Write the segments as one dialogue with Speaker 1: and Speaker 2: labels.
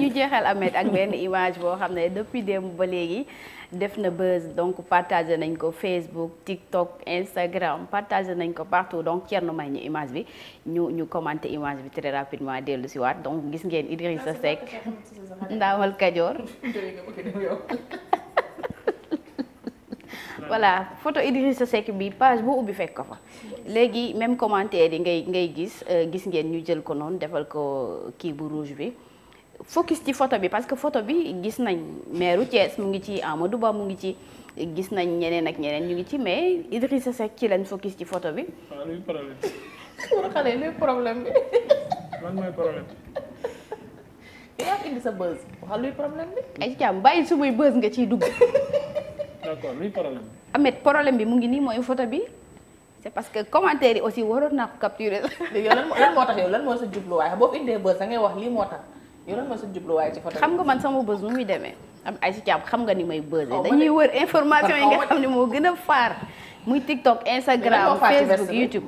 Speaker 1: ñu jeexal Ameth ak benn image boo xam ne depuis démb ba léegi def na buzz donc partagé nañ ko Facebook TikTok Instagram partagé nañ ko partout donc Thierno may ñu image bi ñu ñu commenté image bi très rapidement dellu si waat donc gis ngeen Idrissa Seck ndaawal Kajoor voilà photo sa Seck bi page boo ubbi fekk ko fa léegi même commentaire yi ngay ngay gis euh, gis ngeen ñu jël ko noonu defal ko kii bu rouge bi focus ci photo bi parce que photo bi gis nañ maire Thiès mu ngi ci Amadou Ba mu ngi ci gis nañ ñeneen ak ñeneen ñu ngi ci mais Idrissa Seck ci lañ focus ci photo bi. waaw luy problème bi. pour xale luy problème bi. man mooy problème bi. su muy buzz nga ciy dugg. d'accord luy problème bi. bi mu ngi nii mooy photo bi. c'est parce que commentaire yi aussi waroon naa ko capturer. léegi lan lan moo tax yow lan moo sa jubluwaay boo fi xam nga man sama bës nu muy demee am ay si jàpp xam nga ni may bëse oh, dañuy wër information yi nga xam ne moo gën a faar muy TikTok Instagram Facebook YouTube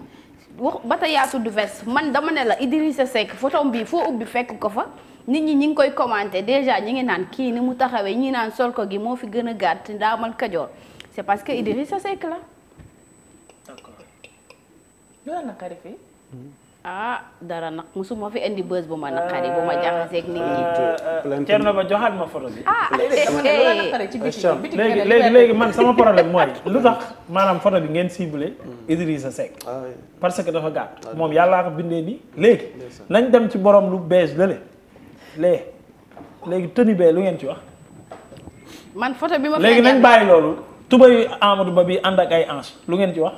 Speaker 1: wax ba ta yaa tudd man dama ne la Idrissa Seck photo bi foo ubbi fekk ko fa nit ñi ñi ngi koy commenté déjà ñi ngi naan kii ni mu taxawee ñi naan sol ko gi moo fi gën a gàtt ndaamal kajoor c'est parce que Idrissa Seck la. d'accord loolu naqari fii. ah fi indi bës bu ma naqari bu ma jaxaseeg nit ñi. Euh, euh, Thierno
Speaker 2: Ba joxaat ma photo bi. ah léegi léegi léegi man sama problème lu tax maanaam photo bi ngeen ciblé Idrissa Seck. Ah parce que dafa gàtt ah moom yàllaa ko bindee nii léegi nañ dem ci borom lu bees lële. lee léegi tenue bee lu ngeen ci wax.
Speaker 1: man photo bi ma. léegi nañ bàyyi
Speaker 2: loolu. tubéyu Amadou Ba bi ànd ak ay ange lu ngeen ci wax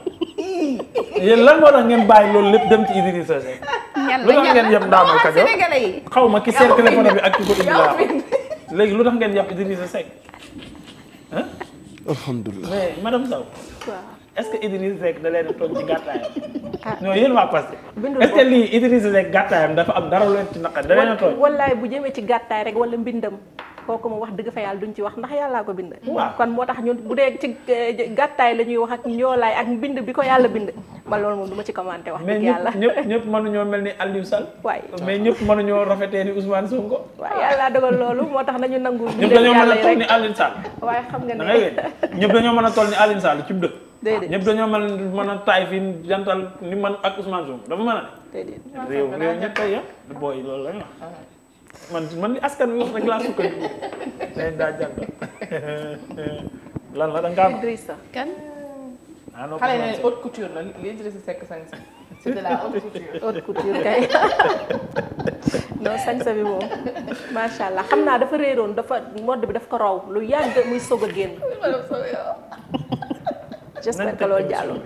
Speaker 1: yéen lan
Speaker 2: moo tax ngeen bàyyi loolu lépp dem ci Idrissa Seck.
Speaker 1: lu tax ngeen yem Ndamal Kajoor
Speaker 2: xaw ma ki seet téléphone bi ak ki ko indi laa léegi lu tax ngeen yem Idrissa Seck ah. alhamdulilah mais madame Sow. est ce que Idriss Seck da ci gàttaayam.
Speaker 1: Ah. non yéen waa
Speaker 2: Pastef. est ce que lii Idriss Seck gàttaayam dafa am dara lu leen ci naqar da leen
Speaker 1: wallaay bu jëmee ci gàttaay rek wala mbindam kooku mu wax dëgg fa yàlla duñ ci wax ndax yàllaa ko bind. waaw kon moo tax ñun bu dee ci eh, gàttaay la ñuy wax ak bi ko yàlla bind. ma loolu moom du ma ci commenté wax dëgg yàlla mais
Speaker 2: ñëpp ñëpp mënuñoo mel ni Aliou Sall. waay mais ñëpp mënuñoo rafetee ni Ousmane Sonko.
Speaker 1: moo tax nañu nangu. ñëpp dañoo a toll ni Aliou Sall. waaye xam nga ne
Speaker 2: ñëpp dañoo mën a toll ni Aliou Sall déedéet ñëpp dañoo man man a taay fi jantal ni man ak Ousmane Sonko dafa mën a.
Speaker 1: déedéet réew réew ñëpp tey
Speaker 2: man man askan wi wax rek laa la da nga am
Speaker 1: Idrissa kan.
Speaker 2: ah non la li Idrissa Seck sañ c'est de
Speaker 1: la sañsa bi moom macha allah xam naa dafa réeroon dafa mode bi daf ko raw lu yàgg muy sog a génn. j'espère que loolu jàllul.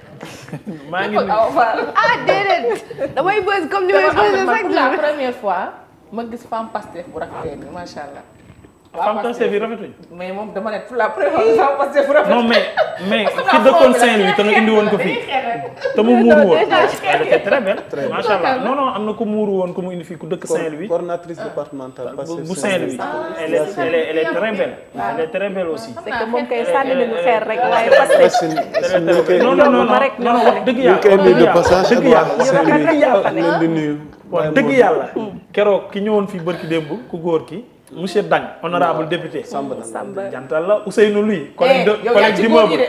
Speaker 1: maa ngi ah déedéet damay bës comme ni may bësee sax la première fois ma gis femme Pastef bu rafetee nii macha allah.
Speaker 2: femme Pastef yi rafetuñ. mais moom dama ne pour la première fois femme Pastef bu rafet. non mais mais ki dëkkoon Saint-Louis te nga indi woon ko fii. te mu muuru woon elle était ah, très belle. allah non am na ku muuru woon ku mu indi fii ku dëkk Saint-Louis. bu Saint-Louis. Ah, elle est elle est ah. aussi. dëgg yàlla dëgg yàlla keroog ki ñëwoon fii barki démb ku góor ki. monsieur Dang honorable député. jantal la Ousseynou Luy. Eh, collègue de collègue d'immeuble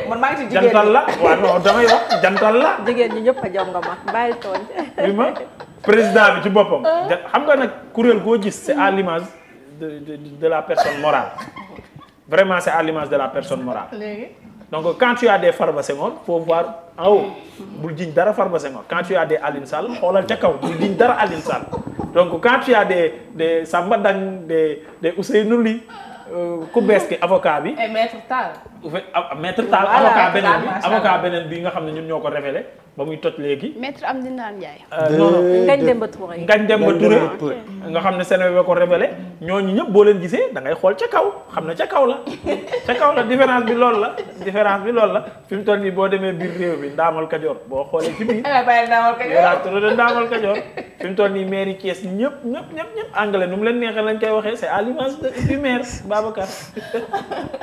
Speaker 1: jantal la waaw non
Speaker 2: damay wax jantal lan la.
Speaker 1: jigéen ñi ñëpp a jongama bàyyi tooñ. ma
Speaker 2: président bi ci boppam. Ah. xam nga nag kuréel goo gis c'est à l'image de la personne morale vraiment c'est à de la personne morale. léegi donc quand tu as des Farba Senghor faut voir bul jiñ dara Farba Senghor quand tu as des Aline Sall xoolal ca kaw bul jiñ dara Aline donc quand tu Samba Dang des des Ousseynou Ly Euh, ku bees ki avocat
Speaker 1: bi. et eh, maître Tall.
Speaker 2: maître Tall avocat beneen bi beneen bi nga xam ne ñun ñoo ko révélé ba muy toj léegi.
Speaker 1: maître am Ndiaye. Euh, non non euh, Ngagne Demba Touré. Ngagne
Speaker 2: nga xam ne Sénégal ko révélé ñooñu ñëpp boo leen gisee da ngay xool ca kaw xam ne ca kaw la ca kaw la différence bi loolu la différence bi loolu la fi mu toll nii boo demee biir réew bi Ndaamal Kajoor boo xoolee ci biir.
Speaker 1: waaw eh, bàyyi
Speaker 2: Ndaamal Kajoor fi mu toll nii maire yi Thiès ñëpp ñëpp ñëpp ñëpp anglais nu mu leen neexee lañ koy waxee c'est à l'image du maire Babacar